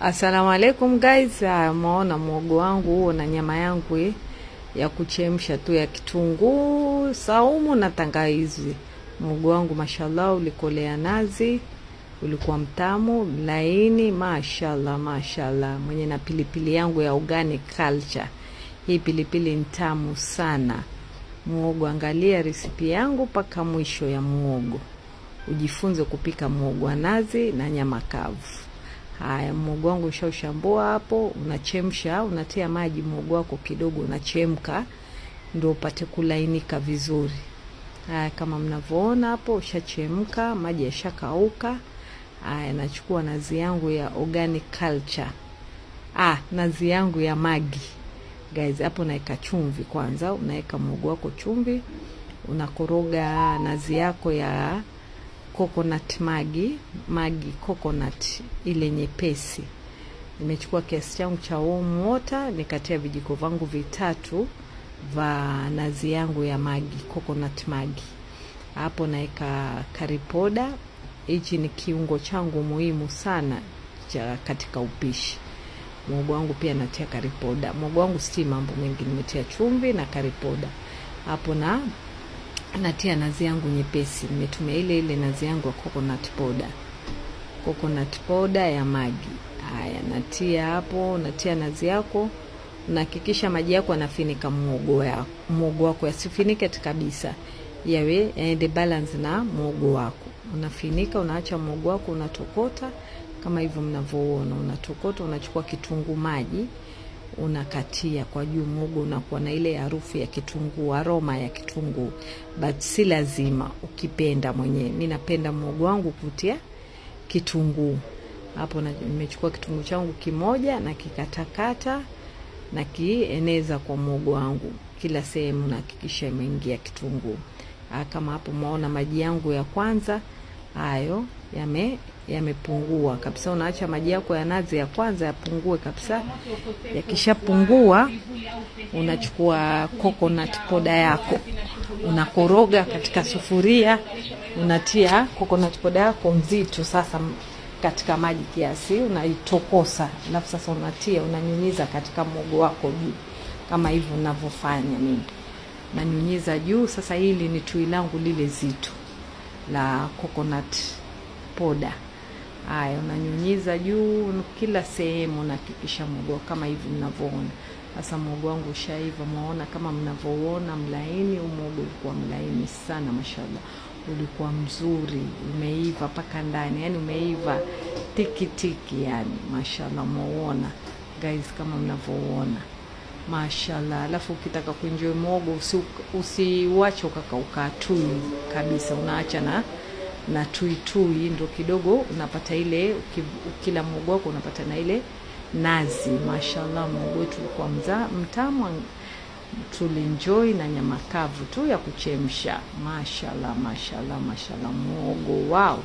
Asalamu alaikum guys. Ah, mwaona mwogo wangu huo na nyama yangu ya kuchemsha tu ya kitunguu saumu na tangawizi. Mwogo wangu mashallah, ulikolea nazi, ulikuwa mtamu laini, mashallah mashallah, mwenye na pilipili yangu ya organic culture. Hii pilipili ntamu sana mwogo. Angalia resipi yangu mpaka mwisho ya mwogo, ujifunze kupika mwogo wa nazi na nyama kavu. Haya, muhogo wangu ushaushambua hapo, unachemsha unatia maji muhogo wako kidogo, unachemka ndio upate kulainika vizuri. Haya, kama mnavyoona hapo ushachemka, maji yashakauka. Haya, nachukua nazi yangu ya organic culture. Ah, nazi yangu ya magi guys, hapo naeka chumvi kwanza, unaweka muhogo wako chumvi, unakoroga nazi yako ya coconut magi magi coconut ile nyepesi. Nimechukua kiasi changu cha warm water, nikatia vijiko vangu vitatu va nazi yangu ya magi coconut magi. Hapo naeka karipoda. Hichi ni kiungo changu muhimu sana cha katika upishi. Mwogo wangu pia natia karipoda. Mwogo wangu si mambo mengi, nimetia chumvi na karipoda hapo na natia nazi yangu nyepesi. Nimetumia ile ile nazi yangu ya coconut powder, coconut powder ya maji. Haya, natia hapo, natia nazi yako nahakikisha maji yako yanafinika muogo wako, muogo wako yasifinike kabisa, yawe yaende eh, balance na muogo wako. Unafinika, unaacha muogo wako unatokota kama hivyo mnavyoona, unatokota. Unachukua kitunguu maji unakatia kwa juu mugu, unakuwa na ile harufu ya kitunguu, aroma ya kitunguu, but si lazima, ukipenda mwenyewe. Mi napenda muogo wangu kutia kitunguu. Hapo nimechukua kitunguu changu kimoja na kikatakata na kieneza kwa muogo wangu, kila sehemu nahakikisha imeingia kitunguu. Ah, kama hapo mwaona maji yangu ya kwanza hayo yame yamepungua kabisa. Unaacha maji yako ya nazi ya kwanza yapungue kabisa. Yakishapungua, unachukua coconut poda yako unakoroga katika sufuria, unatia coconut poda yako nzito sasa katika maji kiasi, unaitokosa. Alafu sasa unatia unanyunyiza katika mogo wako juu, kama hivyo unavyofanya mimi nanyunyiza juu. Sasa hili ni tui langu lile zito la coconut poda. Haya, unanyunyiza juu kila sehemu, unahakikisha mwogo kama hivi mnavyoona. Sasa mwogo wangu ushaiva, mwaona kama mnavyoona mlaini. Mwogo ulikuwa mlaini sana, mashallah, ulikuwa mzuri, umeiva mpaka ndani, yani umeiva tikitiki, yani mashallah, mwauona guys, kama mnavyouona. Mashallah, alafu ukitaka kuenjoy mwogo usi ukakauka tui kabisa, unaacha na na tui tui, ndo kidogo unapata ile ukila mwogo wako unapata na ile nazi. Mashallah, mogo wetu ulikuwa mtamu, tulienjoy na nyama kavu tu ya kuchemsha. Mashallah, mashallah, mashallah, mwogo wao